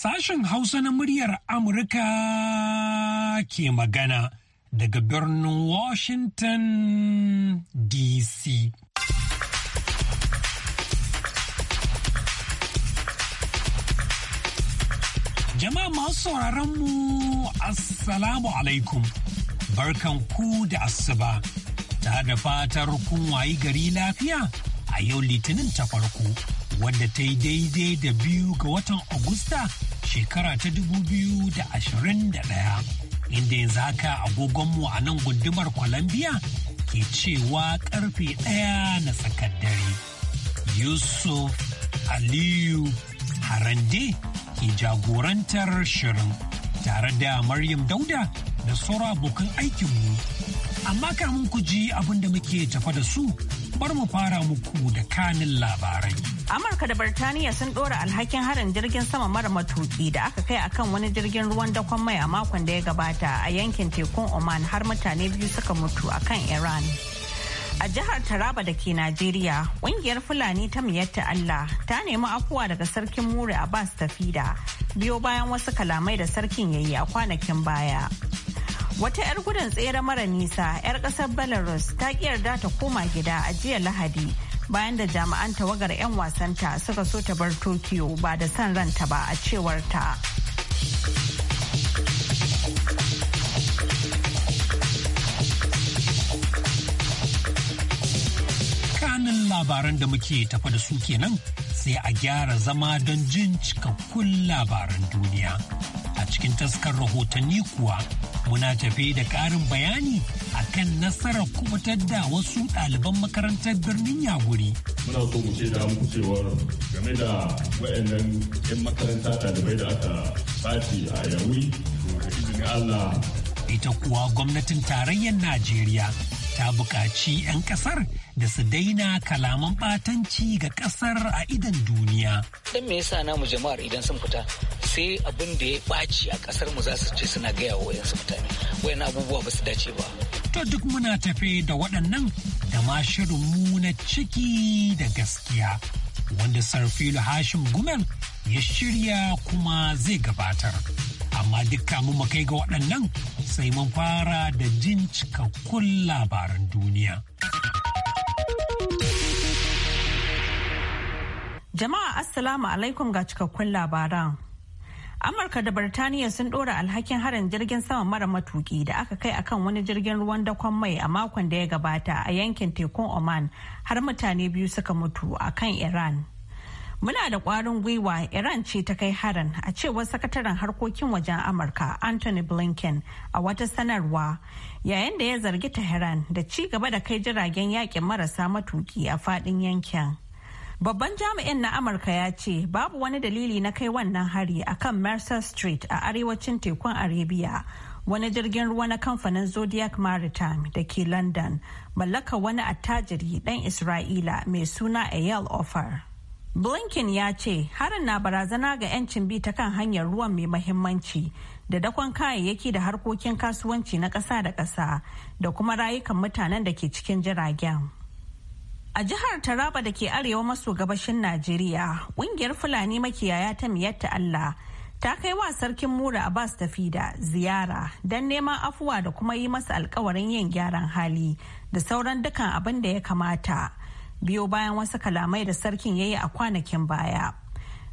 Sashen Hausa na muryar Amurka ke magana daga birnin Washington DC. Jama'a masu sauraronmu mu Assalamu alaikum, barkan ku da asuba, ta da fatar kun wayi gari lafiya a yau litinin ta farko. wadda ta yi daidai da biyu ga watan Agusta shekara ta dubu biyu da da ashirin ɗaya. inda yanzu haka agogonmu a nan gundumar Colombia ke cewa karfe ɗaya na tsakar dare. Yusuf Aliyu Harande ke jagorantar shirin tare da Maryam Dauda da sauran abokan aikinmu. Amma kamun ku ji abin da muke tafa da su bar mu fara muku da kanin labarai. Amurka da Birtaniya sun ɗora alhakin harin jirgin sama mara matuki da aka kai akan wani jirgin ruwan dakon mai a makon da ya gabata a yankin tekun Oman har mutane biyu suka mutu akan Iran. A jihar Taraba da ke Najeriya, ƙungiyar Fulani ta miyatta Allah ta nemi afuwa daga sarkin Mure Abbas Tafida biyo bayan wasu kalamai da sarkin yayi a kwanakin baya. Wata 'yar gudun tsere mara nisa 'yar kasar Belarus ta ki yarda ta koma gida a jiya Lahadi bayan da jami'an tawagar 'yan wasanta suka so ta bar Tokyo ba da son ranta ba a cewar ta. Kanin labaran da muke tafa da su kenan sai a gyara zama don jin cikakkun labaran duniya. A cikin taskar rahotanni kuwa muna tafe da ƙarin bayani a kan nasarar kubutar da wasu ɗaliban makarantar birnin Yaguri. Muna so mu ce da muku cewar game da wa'annan 'yan makaranta ɗalibai da aka sace a Yawuri, izinin Allah. Ita kuwa gwamnatin tarayyar Najeriya ta buƙaci 'yan ƙasar da su daina kalaman ɓatanci ga ƙasar a idan duniya. Dan me yasa namu jama'ar idan sun fita sai abin da ya ɓaci a ƙasar mu za su ce suna gaya wa wayansu mutane wayan abubuwa ba su dace ba. To duk muna tafe da waɗannan da ma shirin mu na ciki da gaskiya wanda Sarfilu Hashim Gumel ya shirya kuma zai gabatar. Amma duk mu kai ga waɗannan sai mun fara da jin cikakkun labaran duniya. Jama'a Assalamu alaikum ga cikakkun labaran. amurka da birtaniya sun dora alhakin harin jirgin sama mara matuki da aka kai akan wani jirgin ruwan dakon mai a makon da ya gabata a yankin tekun oman har mutane biyu suka mutu a kan iran muna da kwarin gwiwa iran ce ta kai harin a cewar sakataren harkokin wajen amurka anthony blinken a wata sanarwa yayin da ya zargi tehran da ci gaba da kai jiragen yakin marasa matuki a faɗin yankin. Babban jami'in na Amurka ya ce babu wani dalili na kai wannan hari a kan Mercer Street a arewacin tekun Arabia. Wani jirgin ruwa na kamfanin Zodiac Maritime da ke London mallaka wani attajiri dan Isra'ila mai suna Eyal Offer. Blinken ya ce harin na barazana ga 'yancin bi ta kan hanyar ruwan mai mahimmanci da dakon kayayyaki da harkokin kasuwanci na ƙasa da ƙasa da kuma rayukan mutanen da ke cikin jiragen. A jihar Taraba da ke arewa maso gabashin Najeriya, ƙungiyar Fulani makiyaya ta miyatta Allah ta kai wa sarkin Mura Abbas Tafida ziyara don neman afuwa da kuma yi masa alkawarin yin gyaran hali da sauran dukan abin da ya kamata. Biyo bayan wasu kalamai da sarkin ya yi a kwanakin baya.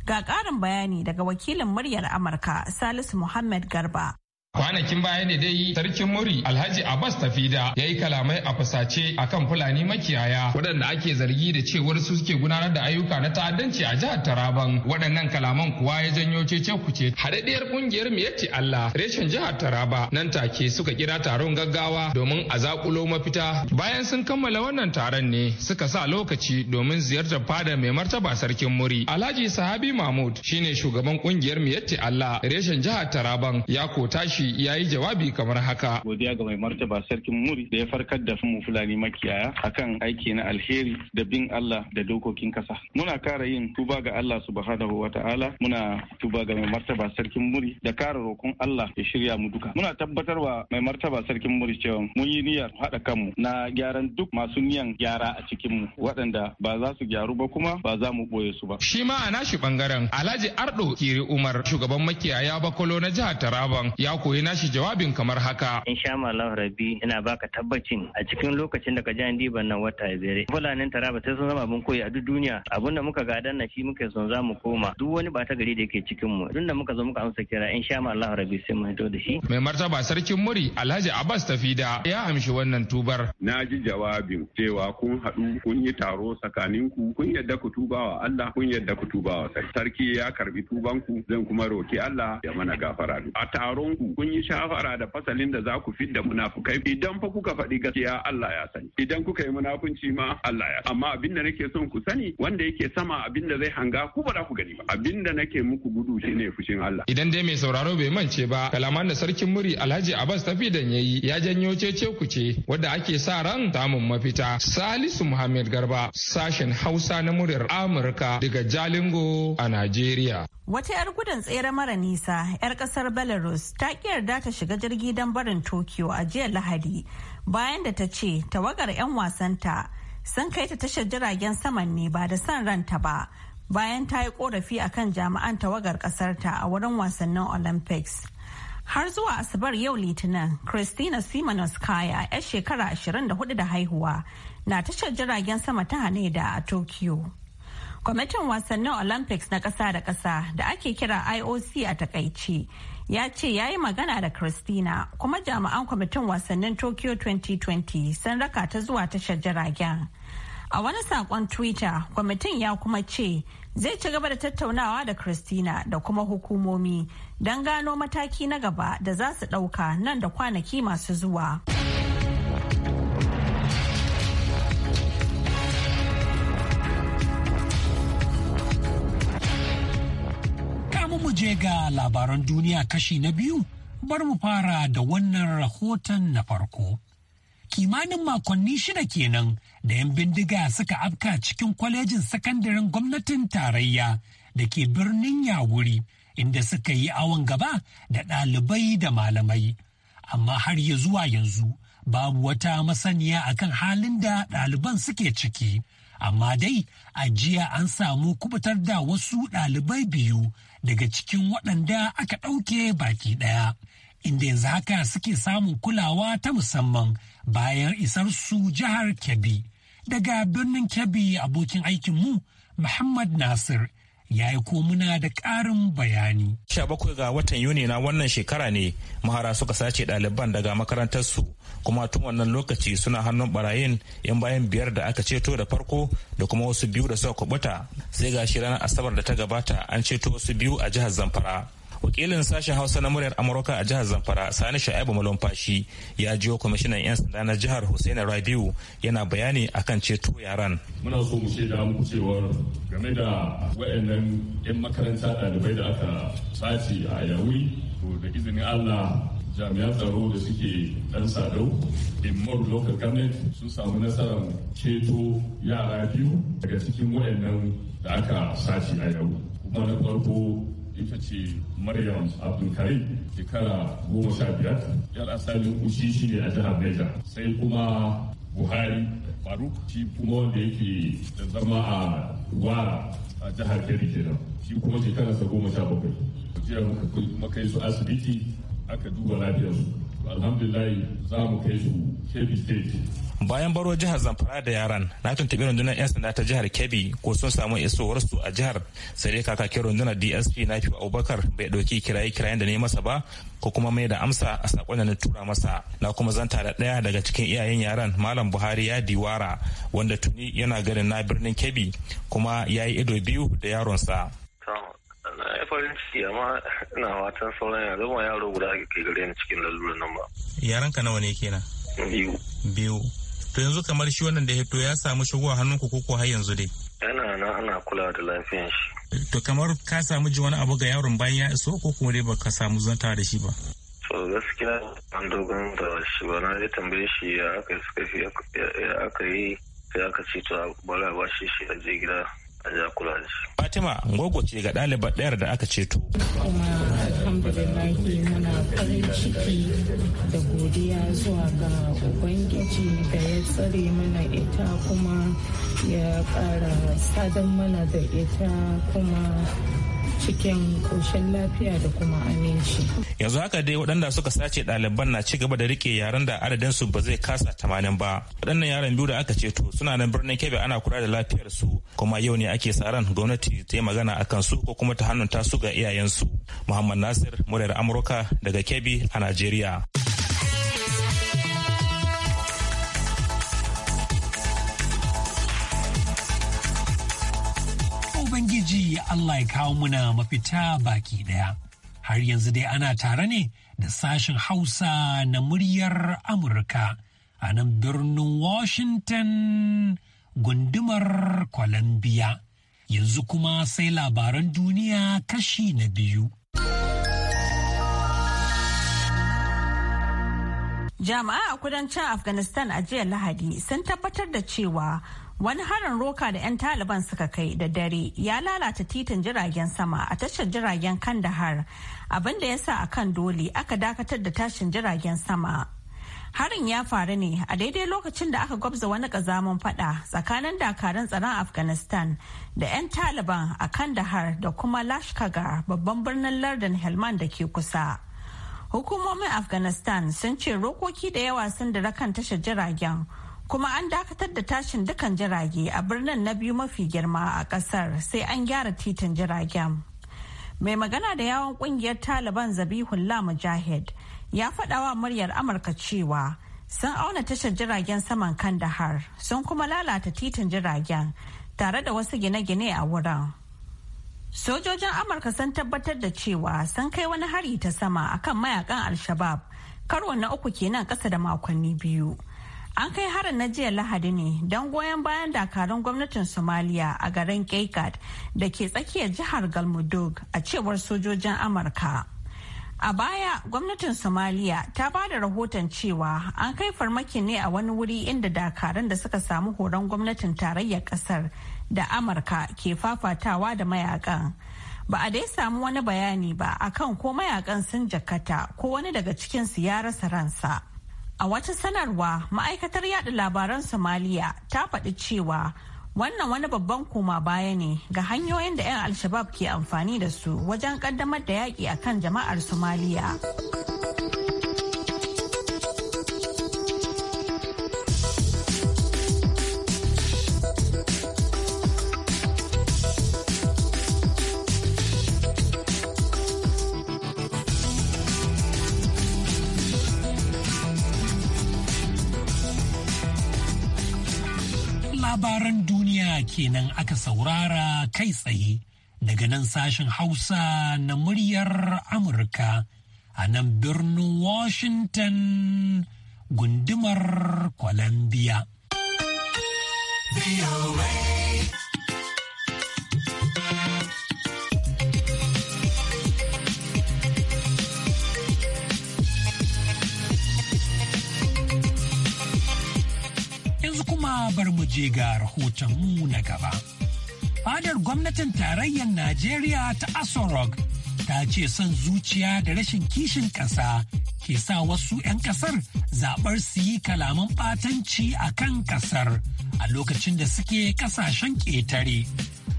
Ga ƙarin bayani daga wakilin muryar Amurka Salisu Muhammad Garba. Kwanakin baya ne dai sarkin muri Alhaji Abbas Tafida ya yi kalamai a fasace kan Fulani makiyaya waɗanda ake zargi da cewar su suke gudanar da ayyuka na ta'addanci a jihar Taraban. Waɗannan kalaman kuwa ya janyo cece kuce. Haɗaɗɗiyar ƙungiyar Miyatti Allah reshen jihar Taraba nan take suka kira taron gaggawa domin a zakulo mafita. Bayan sun kammala wannan taron ne suka sa lokaci domin ziyartar fada mai martaba sarkin muri. Alhaji Sahabi Mahmud shine shugaban ƙungiyar Miyatti Allah reshen jihar Taraban ya ko tashi Yayi ya yi jawabi kamar haka. Godiya ga mai martaba sarkin muri da ya farkar da mu Fulani makiyaya akan aiki na alheri da bin Allah da dokokin kasa. Muna kara yin tuba ga Allah subhanahu wa ta'ala muna tuba ga mai martaba sarkin muri da kara roƙon Allah ya shirya mu duka. Muna tabbatar wa mai martaba sarkin muri cewa mun yi niyyar haɗa kanmu na gyaran duk masu niyan gyara a cikinmu waɗanda ba za su gyaru ba kuma ba za mu ɓoye su ba. Shi ma a nashi ɓangaren Alhaji Ardo Kiri Umar shugaban makiyaya Bakolo na jihar Taraban ya koyi yi nashi jawabin kamar haka. In sha Allah rabi ina baka tabbacin a cikin lokacin da ka ji an diban nan wata biyar. Fulanin Taraba ta sun zama abin koyi a duk duniya. Abin da muka gadan na shi muke son za mu koma. Duk wani bata gari da yake cikin mu. Tun da muka zo muka amsa kira in sha Allah rabi sai mu hito da shi. Mai martaba sarkin muri Alhaji Abbas Tafida ya amshi wannan tubar. Na ji jawabin cewa kun haɗu kun yi taro tsakaninku kun yadda ku tuba wa Allah kun yadda ku tuba wa sarki. Sarki ya karbi tubanku zan kuma roki Allah ya mana gafara. A taron ku kun yi shafara da fasalin da za ku fi da munafukai idan fa kuka faɗi gaskiya Allah ya sani idan kuka yi munafunci ma Allah ya amma abin da nake son ku sani wanda yake sama abin da zai hanga ku ba za ku gani ba abin da nake muku gudu shine fushin Allah idan dai mai sauraro bai mance ba kalaman da sarkin muri Alhaji Abbas Tafidan yayi ya janyo cece ce wanda ake sa ran samun mafita Salisu Muhammad Garba sashen Hausa na muryar Amurka daga Jalingo a Najeriya Wata 'yar gudun tsere mara nisa 'yar kasar Belarus ta ki yarda ta shiga jirgi don barin Tokyo a jiya Lahadi bayan da ta ce tawagar 'yan wasanta sun kai ta tashar jiragen saman ne ba da son ranta ba bayan ta yi korafi a kan jami'an tawagar kasarta a wurin wasannin Olympics. Har zuwa Asabar yau Litinin, Christina Simonoskaya 'yar shekara 24 da haihuwa na tashar jiragen sama ta Haneda a Tokyo. kwamitin wasannin olympics na kasa da kasa da ake kira ioc a takaici ya ce ya yi magana da christina kuma jami'an kwamitin wasannin tokyo 2020 sun raka ta zuwa tashar jiragen a wani saƙon twitter kwamitin ya kuma ce zai ci gaba da tattaunawa da christina da kuma hukumomi don gano mataki na gaba da za su ɗauka nan da kwanaki masu zuwa. je ga labaran duniya kashi na biyu, bar mu fara da wannan rahoton na farko. Kimanin makonni shida kenan da 'yan bindiga suka afka cikin kwalejin sakandaren gwamnatin tarayya da ke birnin Yawuri, inda suka yi awon gaba da ɗalibai da malamai. Amma har ya zuwa yanzu, babu wata masaniya akan halin da ɗaliban suke ciki. amma dai a jiya an samu kubutar da wasu ɗalibai biyu daga cikin waɗanda aka ɗauke baki ɗaya inda yanzu haka suke samun kulawa ta musamman bayan isar su jihar kebbi daga birnin kebbi abokin aikinmu muhammad nasir ya yi muna da ƙarin bayani. 17 ga watan Yuni na wannan shekara ne mahara suka sace ɗaliban daga makarantarsu kuma tun wannan lokaci suna hannun barayin yan bayan biyar da aka ceto da farko da kuma wasu biyu da suka kubuta sai ga shi ranar asabar da ta gabata an ceto wasu biyu a jihar Zamfara. wakilin sashen hausa na muryar amurka a jihar zamfara sani sha'ibu malumfashi ya jiyo kwamishinan 'yan sanda na jihar hussein rabiu yana bayani a kan ceto yaran muna so mu shaida muku cewar game da wa'annan 'yan makaranta ɗalibai da aka sace a yawi to da izinin allah jami'an tsaro da suke dan sadau in more local government sun samu nasarar ceto yara biyu daga cikin wa'annan da aka sace a yau kuma na farko ita ce Maryam Abdulkarim shekara goma sha biyar yar asalin ushi shi ne a jihar Neja sai kuma Buhari Faruk shi kuma wanda yake da zama a Gwara a jihar Kebbi kenan shi kuma shekararsa goma sha bakwai. Jiya muka kai su asibiti aka duba lafiyarsu bayan baro jihar zamfara da yaran na tuntuɓi rundunar 'yan sanda ta jihar kebbi ko sun samu isowarsu a jihar sai dai kakakin rundunar dsp na fi abubakar bai ɗauki kiraye kirayen da ne masa ba ko kuma mai da amsa a saƙon da na tura masa na kuma zanta da ɗaya daga cikin iyayen yaran malam buhari ya diwara wanda tuni yana garin na birnin kebbi kuma ya yi ido biyu da yaronsa farin ciki amma ina watan sauran yanzu ma yaro guda ake kai gare ni cikin lalurar nan ba. nawa ne kenan? Biyu. Biyu. To yanzu kamar shi wannan da ya fito ya samu shigo a hannun ku koko har yanzu dai. Ana na ana kula da lafiyan shi. To kamar ka samu ji wani abu ga yaron bayan ya iso ko kuma dai baka samu zanta da shi ba? To gaskiya an dogon da shi ba na ya tambaye shi ya aka yi suka ya aka yi sai aka ce to bari a bashi shi a je gida kula da Fatima Ngogo ce ga ɗalibar ɗayar da aka ceto. Kuma alhamdulillahi muna farin ciki da godiya zuwa ga Ubangiji da ya tsare mana ita kuma ya ƙara sadan mana da ita kuma cikin koshin lafiya da kuma aminci. Yanzu haka dai waɗanda suka sace ɗaliban na cigaba da rike yaren da adadin su ba zai kasa tamanin ba. Waɗannan yaran biyu da aka ceto suna nan birnin Kebbi ana kula da lafiyar su kuma yau ne ake sa ran gwamnati ta yi magana akan su ko kuma ta hannun tasu ga iyayensu. Muhammad Nasir, muryar Amurka daga Kebbi a Najeriya. Ubangiji Allah ya kawo muna mafita baki daya Har yanzu dai ana tare ne da sashen Hausa na muryar Amurka a nan birnin Washington gundumar Columbia. Yanzu kuma sai labaran duniya kashi na biyu. Jama'a a kudancin Afghanistan a jiya Lahadi sun tabbatar da cewa Wani harin roka da 'yan Taliban suka kai da dare ya lalata titin jiragen sama a tashar jiragen Kandahar abin da ya sa a kan dole aka dakatar da tashin jiragen sama. Harin ya faru ne a daidai lokacin da aka gwabza wani kazamin fada tsakanin dakarun tsaron Afghanistan da 'yan Taliban a Kandahar da kuma Lashkagar babban birnin lardin Helman da ke kusa. Hukumomin Afghanistan sun ce rokoki da yawa sun dara kan tashar jiragen. kuma an dakatar da tashin dukan jirage a birnin na biyu mafi girma a kasar sai an gyara titin jiragen mai magana da yawon kungiyar taliban zabihullah mujahid ya wa muryar amurka cewa sun auna tashar jiragen saman kandahar sun kuma lalata titin jiragen tare da wasu gine-gine a wurin sojojin amurka sun tabbatar da cewa sun kai wani hari ta sama akan mayakan al-shabab karo na uku kenan kasa da makonni biyu An kai harin na jiya Lahadi ne don goyon bayan dakarun gwamnatin Somalia a garin Kekat da ke tsakiyar jihar Galmudug a cewar sojojin Amurka. A baya gwamnatin Somalia ta ba da rahoton cewa an kai farmakin ne a wani wuri inda dakarun da suka samu horon gwamnatin tarayyar ƙasar da Amurka ke fafatawa da mayakan. Ba a dai samu wani bayani ba akan ko mayakan sun jakata ko wani daga cikinsu ya rasa ransa. A wata sanarwa, ma'aikatar yada labaran Somalia ta faɗi cewa wannan wani babban koma baya ne ga hanyoyin da 'yan Alshabab ke amfani da su wajen ƙaddamar da yaƙi akan jama'ar Somalia. kenan aka saurara kai tsaye daga nan sashen Hausa na muryar Amurka a nan birnin Washington gundumar Columbia. Be bar mu je ga rahotonmu na gaba. Fadar gwamnatin tarayyar Najeriya ta Asorok ta ce son zuciya da rashin kishin ƙasa ke sa wasu 'yan ƙasar zaɓar su yi kalaman ɓatanci a kan ƙasar a lokacin da suke ƙasashen ƙetare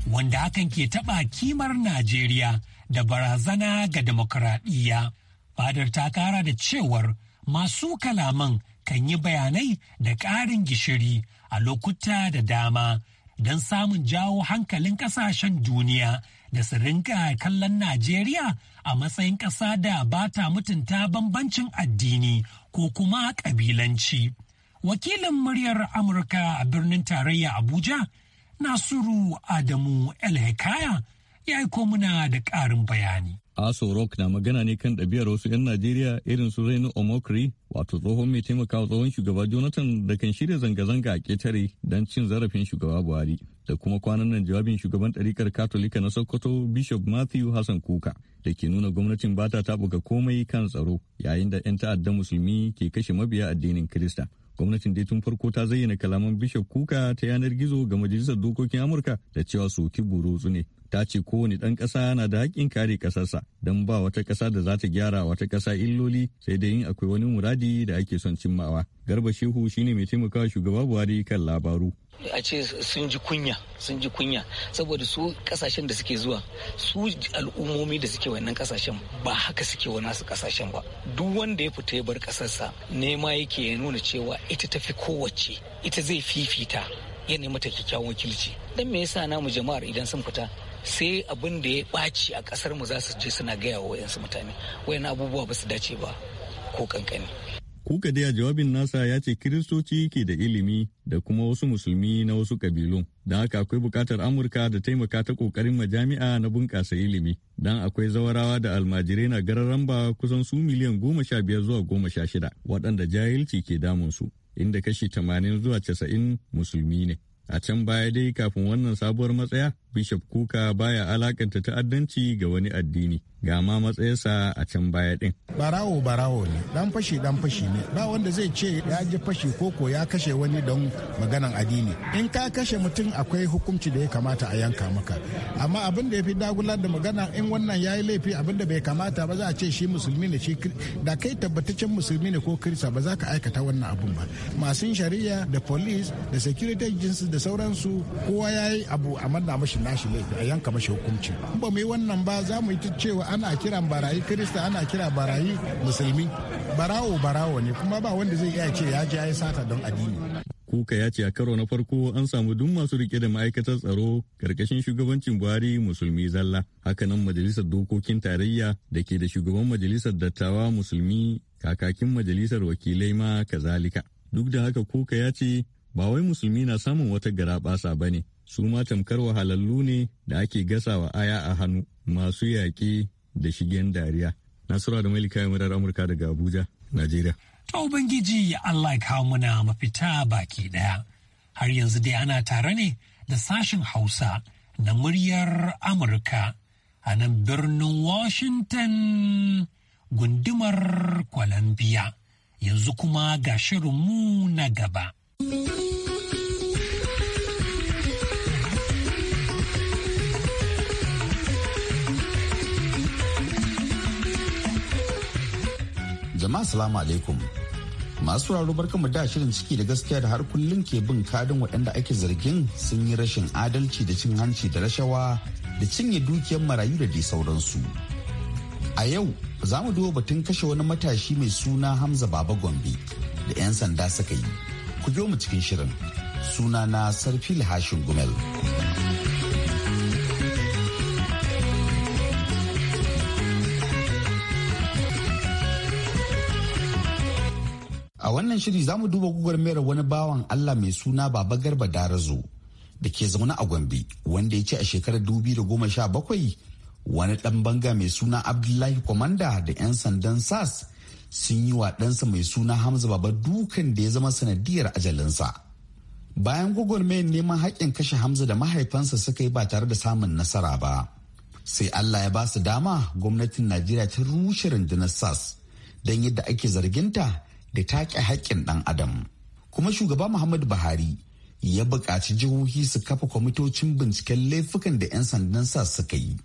wanda hakan ke taɓa kimar Najeriya da barazana ga demokuraɗiyya. Fadar ta kara da cewar masu kalaman kan yi bayanai da ƙarin gishiri a lokuta da dama don samun jawo hankalin kasashen duniya da su rinka kallon Najeriya a matsayin ƙasa da ba ta mutunta bambancin addini ko kuma ƙabilanci. Wakilin muryar Amurka a birnin tarayya Abuja, Nasiru Adamu El hekaya ya yi komuna da ƙarin bayani. Aso Rock na magana ne kan ɗabi'ar wasu 'yan Najeriya irin su Reino Omokri wato tsohon mai taimakawa tsohon shugaba jonathan da kan shirya zanga-zanga a ketare don cin zarafin shugaba buhari da kuma kwanan nan jawabin shugaban ɗarikar katolika na sokoto bishop matthew hassan kuka da ke nuna gwamnatin ba ta taɓuka komai kan tsaro yayin da 'yan ta'adda musulmi ke kashe mabiya addinin kirista gwamnatin dai tun farko ta zayyana kalaman bishop kuka ta yanar gizo ga majalisar dokokin amurka da cewa soki burutsu ne ta ce kowane ɗan ƙasa na da hakkin kare kasarsa. don ba wata ƙasa da za ta gyara wata kasa illoli sai dai yin akwai wani muradi da ake son cimmawa. Garba Shehu shine mai taimakawa shugaba Buhari kan labaru. A ce sun ji kunya, sun ji kunya saboda su kasashen da suke zuwa, su al'ummomi da suke wannan kasashen ba haka suke wa nasu kasashen ba. Duk wanda ya fita ya bar kasarsa nema yake ya nuna cewa ita tafi kowace, ita zai fifita ya mata kyakkyawan wakilci. Dan me yasa namu jama'ar idan sun fita sai abin da ya ɓaci a ƙasar mu za su je suna gaya wa wayansu mutane wayan abubuwa ba su dace ba ko kankani. Kuka dai a jawabin nasa ya ce kiristoci ke da ilimi da kuma wasu musulmi na wasu kabilun. Don haka akwai bukatar Amurka da taimaka ta kokarin majami'a na bunƙasa ilimi. Don akwai zawarawa da almajirai na gararan ba kusan su miliyan goma sha biyar zuwa goma sha shida waɗanda jahilci ke damun su. Inda kashi tamanin zuwa casa'in musulmi ne. A can baya dai kafin wannan sabuwar matsaya Bishop Kuka baya alakanta ta'addanci ga wani addini ga ma matsayinsa a can baya din. Barawo barawo ne, dan fashi dan fashi ne, ba wanda zai ce ya ji fashi koko ya kashe wani don maganan addini. In ka kashe mutum akwai hukunci da ya kamata a yanka maka. Amma abin da ya fi dagular da magana in wannan ya yi laifi abin da bai kamata ba za a ce shi musulmi ne shi da kai tabbataccen musulmi ne ko kirista ba za ka aikata wannan abun ba. Masu shari'a da police da security agencies da sauransu kowa ya yi abu a manna mashi shi nashi laifi a yanka mashi hukunci ba mu yi wannan ba za mu yi ta cewa ana kiran barayi kirista ana kira barayi musulmi barawo barawo ne kuma ba wanda zai iya ce ya ji ya sata don addini kuka ya ce a karo na farko an samu duk masu rike da ma'aikatar tsaro karkashin shugabancin buhari musulmi zalla hakanan majalisar dokokin tarayya da ke da shugaban majalisar dattawa musulmi kakakin majalisar wakilai ma kazalika duk da haka kuka ya ce ba wai musulmi na samun wata garaɓasa ba ne su ma tamkar wahalallu ne da ake gasawa aya a hannu masu yaƙi da shigen dariya nasura da malika ya murar amurka daga abuja najeriya ta ubangiji allah ya kawo mana mafita baki ɗaya har yanzu dai ana tare ne da sashen hausa na muryar amurka a nan birnin washington gundumar columbia yanzu kuma ga shirinmu na gaba. jama'a salamu alaikum masu raro barkanmu da shirin ciki da gaskiya da har kullum ke bin kadin waɗanda ake zargin sun yi rashin adalci da cin hanci da rashawa da cinye dukiyar marayu da dai sauransu a yau za mu duba batun kashe wani matashi mai suna hamza baba gombe da 'yan sanda suka yi ku mu cikin shirin suna na sarfil hashin gumel. A wannan shiri za mu duba gwagwarmayar wani bawan Allah mai suna Baba Garba Darazo da ke zaune a Gombe wanda ya ce a shekarar bakwai. wani ɗan banga mai suna Abdullahi Kwamanda da 'yan sandan SAS sun yi wa ɗansa mai suna Hamza Baba dukan da ya zama sanadiyar ajalinsa. Bayan gwagwarmayar neman haƙƙin kashe Hamza da mahaifansa suka yi ba tare da samun nasara ba. Sai Allah ya ba su dama gwamnatin Najeriya ta rushe rundunar SAS don yadda ake zarginta da take haƙƙin ɗan adam kuma shugaba muhammadu buhari ya buƙaci jihohi su kafa kwamitocin binciken laifukan da 'yan sandan sa suka yi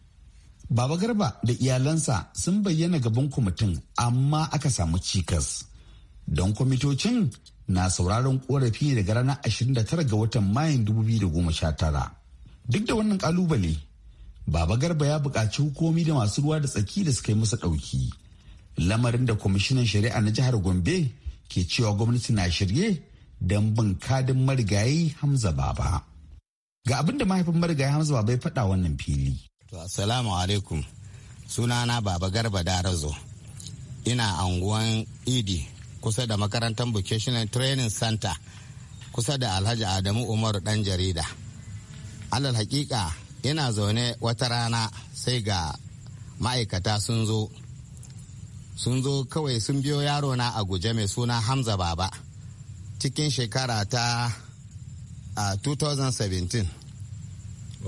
baba garba da iyalansa sun bayyana gaban kwamitin amma aka samu cikas don kwamitocin na sauraron korafi daga ranar 29 ga watan mayun 2019 duk da wannan kalubale baba garba ya buƙaci hukumi da masu ruwa da tsaki da suka yi masa ɗauki lamarin da kwamishinan shari'a na jihar gombe ke cewa gwamnati na shirye don bin kadin marigayi hamza baba ga abin da mahaifin marigayi hamza baba ya faɗa wannan fili to assalamu alaikum sunana baba garba darazo ina anguwan idi kusa da makarantar vocational training center kusa da alhaji adamu umaru dan jarida alal hakika ina zaune wata rana sai ga ma'aikata sun zo sun zo kawai sun biyo yaro na a guje mai suna hamza baba cikin shekara ta a 2017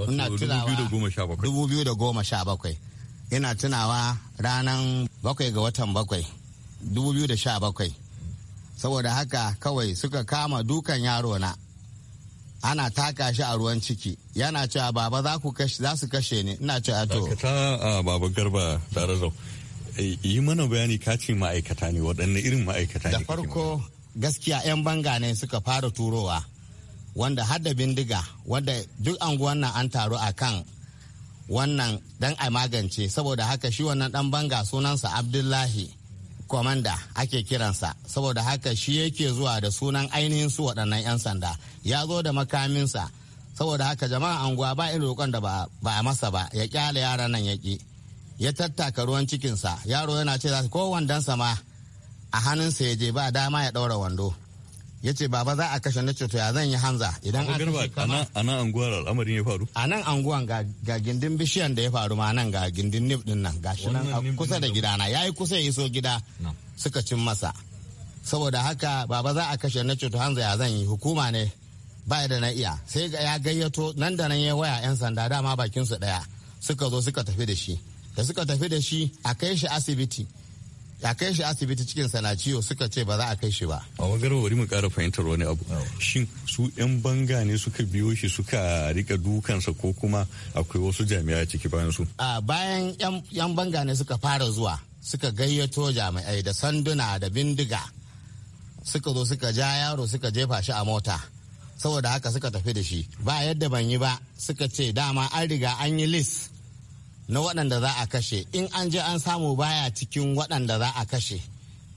ina tunawa 2017 ina tunawa ranar bakwai ga watan bakwai 2017 saboda haka kawai suka kama dukan yaro na ana taka shi a ruwan ciki yana cewa baba za su kashe ni ina cewa to baba garba tare da Eh, yi mana bayani kacin ma'aikata ne waɗanne irin ma'aikata ne da farko gaskiya 'yan banga ne suka fara turowa wanda hada bindiga wanda duk anguwan nan an taru a kan wannan dan a magance saboda haka shi wannan dan banga sunansa abdullahi komanda ake kiransa saboda haka shi yake zuwa da sunan ainihin su waɗannan 'yan sanda ya zo da makaminsa saboda haka jama'a anguwa ba irin roƙon da ba a masa ba ya kyale yaran nan ya ƙi ya tattaka ruwan cikinsa yaro yana ce za ko wandonsa ma a hannunsa ya je ba dama ya ɗaura wando ya ce baba za a kashe na ceto to ya zan yi hanza idan an kashe kama a nan anguwar al'amarin ya faru a nan anguwan ga gindin bishiyan da ya faru ma nan ga gindin nif din nan shi nan kusa da gida ya yayi kusa ya iso gida suka cin masa saboda haka baba za a kashe na ceto to hanza ya zan yi hukuma ne ba da na iya sai ya gayyato nan da nan ya waya yan sanda dama bakin su daya suka zo suka tafi da shi da suka tafi da shi a kai shi asibiti a kai shi asibiti cikin sana ciwo suka ce ba za a kai shi ba. A wagarwa bari mu kara fahimtar wani abu. Shin su 'yan banga ne suka biyo shi suka rika dukansa ko kuma akwai wasu jami'a ciki bayan su? A bayan 'yan banga ne suka fara zuwa suka gayyato jami'ai da sanduna da bindiga suka zo suka ja yaro suka jefa shi a mota. Saboda haka suka tafi da shi ba yadda ban yi ba suka ce dama an riga an yi lis na waɗanda za a kashe in an je an samu baya cikin waɗanda za a kashe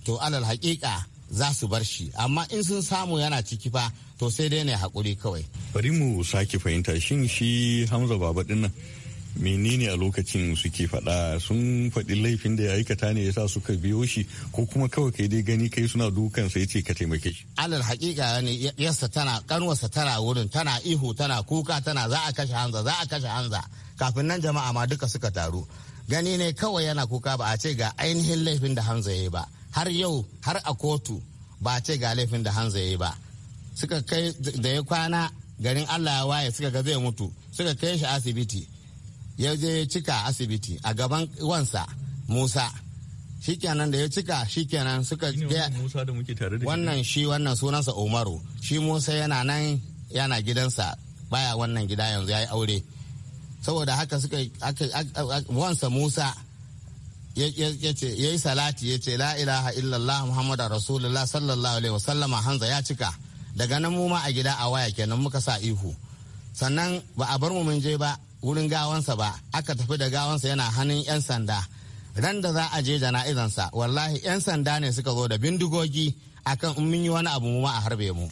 to alal haƙiƙa za su bar shi amma in sun samu yana ciki fa to sai dai ne haƙuri kawai. bari mu sake fahimta shin shi hamza baba dinnan menene a lokacin suke faɗa sun faɗi laifin da ya aikata ne yasa suka biyo shi ko kuma kawai kai dai gani kai suna dukan sai ce ka taimake shi alal hakika ne yasta tana kanwarsa tana wurin tana ihu tana kuka tana za a kashe hanza za a kashe hanza kafin nan jama'a ma duka suka taru gani ne kawai yana kuka ba a ce ga ainihin laifin da hanza ya yi ba har yau har a kotu ba a ce ga laifin da hanza ya yi ba suka kai da ya kwana garin allah ya waye suka ga zai mutu suka kai shi asibiti ya je ya cika asibiti a gaban wansa musa shikenan da ya cika shikenan suka wannan shi wannan sunansa umaru shi musa yana nan yana gidansa baya wannan gida yanzu ya yi aure saboda haka suka wansa musa ya ce ya yi salati ya ce la ilaha illallah muhammadu rasulullah sallallahu alaihi wasallama hanza ya cika daga nan mu ma a gida a waya kenan muka sa ihu sannan ba a bar mu mun je ba wurin gawansa ba aka tafi da gawansa yana hannun yan sanda ran da za a je jana'izansa wallahi yan sanda ne suka zo da bindigogi akan in mun yi wani abu mu ma a harbe mu.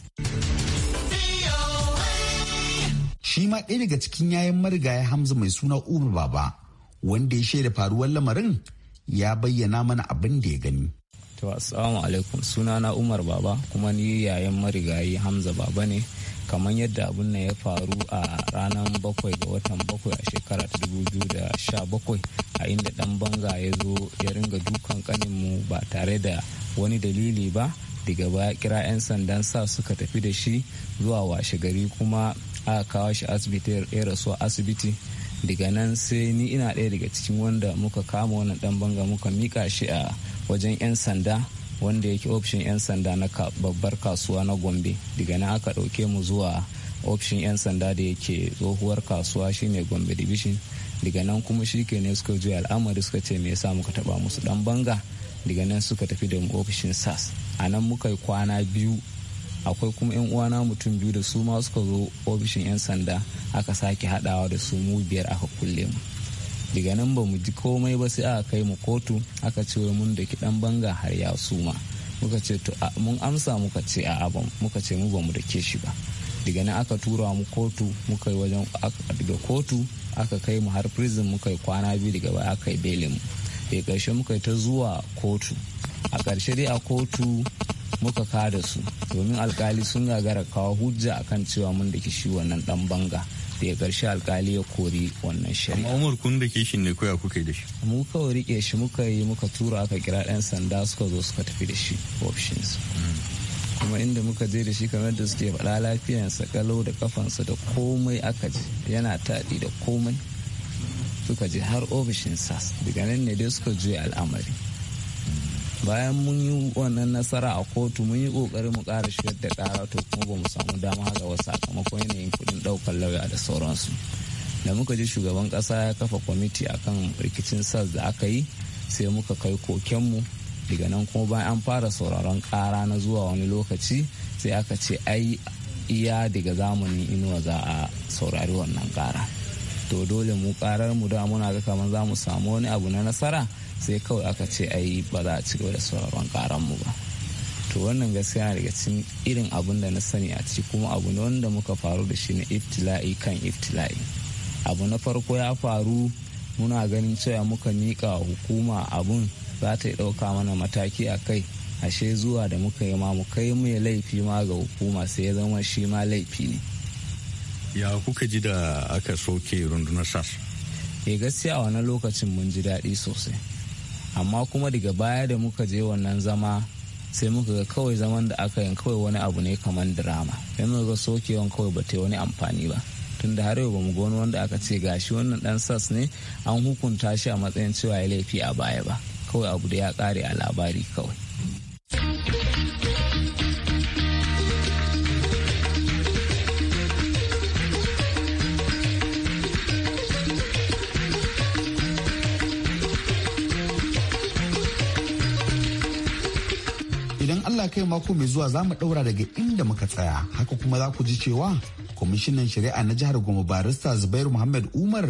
shi ma ɗaya daga cikin yayan marigaya hamza mai suna umar baba wanda ya shaida faruwar lamarin ya bayyana mana abin da ya gani to assalamu alaikum suna na umar baba kuma ni yayan marigayi hamza baba ne kamar yadda abin ya faru a ranar bakwai ga watan bakwai a shekara ta dubu biyu da sha bakwai a inda dan banga ya zo ya ringa dukan kaninmu ba tare da wani dalili ba daga baya kira 'yan sandan sa suka tafi da shi zuwa washe gari kuma a kawo shi asibiti ya rasu asibiti daga nan sai ni ina ɗaya daga cikin wanda muka kama wannan dan banga muka mika shi a wajen 'yan sanda wanda yake ofishin 'yan sanda na babbar kasuwa na gombe daga nan aka ɗauke mu zuwa ofishin 'yan sanda da yake tsohuwar kasuwa shine gombe division daga nan kuma shi ke ne suka juya al'amari suka ce me yasa muka taba musu dan banga daga nan suka tafi da mu ofishin sas a nan muka yi kwana biyu akwai kuma yan uwana mutum biyu da su ma suka zo ofishin yan sanda aka sake haɗawa da su mu biyar aka kulle mu daga nan ba mu ji komai ba sai aka kai mu kotu aka ce mun da kiɗan banga har ya suma muka ce to mun amsa muka ce a ba muka ce mu ba mu ke shi ba daga nan aka tura mu kotu muka yi wajen daga kotu aka kai mu har prison muka yi kwana biyu daga baya aka yi belin mu daga ƙarshe muka yi ta zuwa kotu a ƙarshe dai a kotu muka kada su domin alkali sun gagara kawo hujja akan cewa mun da shi wannan dan banga da ya karshe alkali ya kori wannan shari'a. Amma Umar kun da ke ne koya kuka yi da shi? Mu kawai rike shi muka yi muka tura aka kira 'yan sanda suka zo suka tafi da shi options. kuma inda muka je da shi kamar da suke faɗa lafiyansa kalau da kafansa da komai aka ji yana taɗi da komai suka je har ofishin sas daga nan ne dai suka juya al'amari bayan mun yi wannan nasara a kotu mun yi kokari mu kara shigar da ƙara to kuma ba mu samu dama ga wasu sakamakon yanayin kuɗin ɗaukar lauya da sauransu da muka ji shugaban ƙasa ya kafa kwamiti a kan rikicin sas da aka yi sai muka kai kokenmu daga nan kuma bayan an fara sauraron ƙara na zuwa wani lokaci sai aka ce ai iya daga zamanin inuwa za a saurari wannan ƙara to dole mu ƙararmu mu da muna ga kamar za mu samu wani abu na nasara sai kawai aka ce ai ba za a ci gaba da sauraron karan mu ba to wannan gaskiya daga cikin irin abun da na sani a ciki kuma abu ne wanda muka faru da shi na iftila'i kan iftila'i abu na farko ya faru muna ganin cewa muka miƙa hukuma abun za ta yi ɗauka mana mataki a kai ashe zuwa da muka yi ma mu kai mu laifi ma ga hukuma sai ya zama shi ma laifi ne ya kuka ji da aka soke rundunar sas e gaskiya a wani lokacin mun ji daɗi sosai amma kuma daga baya da muka je wannan zama sai muka ga kawai zaman da aka yin kawai wani abu ne kamar drama sai muka ga sokewan kawai ba ta wani amfani ba tun da har yau ba mu ga wanda aka ce gashi wannan dan sas ne an hukunta shi a matsayin cewa ya laifi a baya ba kawai abu da ya kare a labari kawai kai mako mai zuwa za mu ɗaura daga inda muka tsaya. Haka kuma za ku ji cewa kwamishinan shari'a na jihar Goma barista Zubairu Muhammad Umar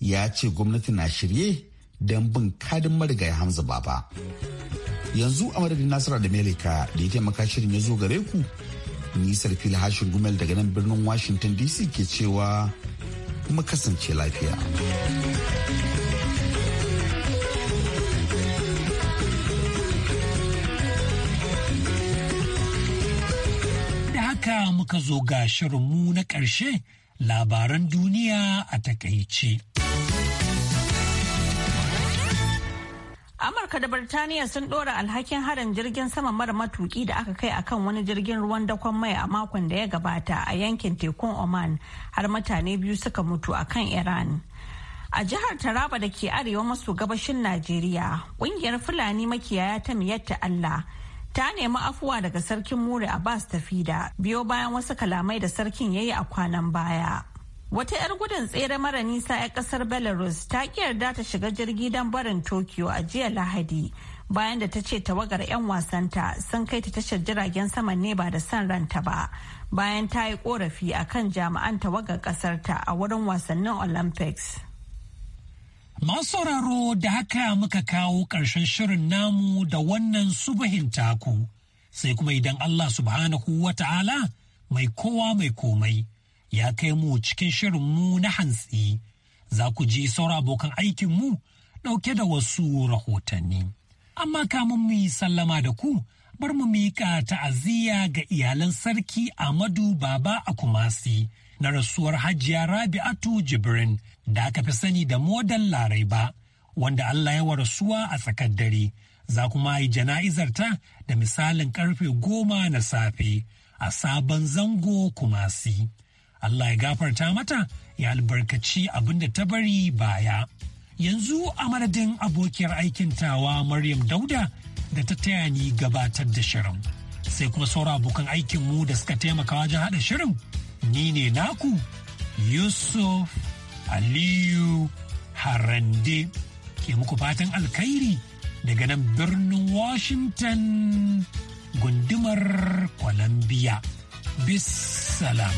ya ce gwamnati na shirye don bin kadin marigayi Hamza Baba. Yanzu a madadin nasara da Melika da ya taimaka shirin ya zo gare ku. nisar fili Hashin Gumel daga nan birnin Washington DC ke cewa kuma kasance lafiya. haka muka zo ga shirinmu na ƙarshe labaran duniya a takaice. Amurka da Birtaniya sun ɗora alhakin harin jirgin sama mara matuki da aka kai akan wani jirgin ruwan dakon mai a makon da ya gabata a yankin tekun Oman har mutane biyu suka mutu a kan Iran. A jihar Taraba da ke arewa maso gabashin Najeriya, ƙungiyar Fulani makiyaya ta miyatta Allah ta nemi afuwa daga sarkin Muri Abbas Tafida biyo bayan wasu kalamai da sarkin ya yi a kwanan baya. Wata 'yar gudun tsere mara nisa ya kasar Belarus ta ki yarda ta shiga jirgi don barin Tokyo a jiya Lahadi bayan da ta ce tawagar 'yan wasanta sun kai ta tashar jiragen saman ne ba da son ranta ba bayan ta yi korafi kan jami'an tawagar kasarta a wurin wasannin Olympics. Masu sauraro da haka muka kawo ƙarshen shirin namu da wannan subahin taku, sai kuma idan Allah subhanahu wa ta'ala mai kowa mai komai ya kai mu cikin shirin mu na hantsi, za ku ji saura abokan aikinmu ɗauke da wasu rahotanni. Amma kamun mu yi sallama da ku, bar mu miƙa ta'aziyya ga iyalan sarki Amadu Baba Akumasi na rasuwar Hajiya Rabi'atu Jibrin. da aka fi sani da modan larai ba wanda Allah ya warasuwa a tsakar dare za kuma yi jana'izar ta da misalin karfe goma na safe a sabon zango kumasi. Allah ya gafarta mata ya albarkaci abin da ta bari baya. Yanzu a madadin abokiyar aikin tawa Maryam Dauda da ta taya ni gabatar da shirin. Sai kuma saura abokan aikinmu da suka taimaka wajen haɗa shirin, ni ne naku Yusuf Aliyu Harande ke muku fatan alkhairi daga nan birnin Washington gundumar Columbia. Bis salam.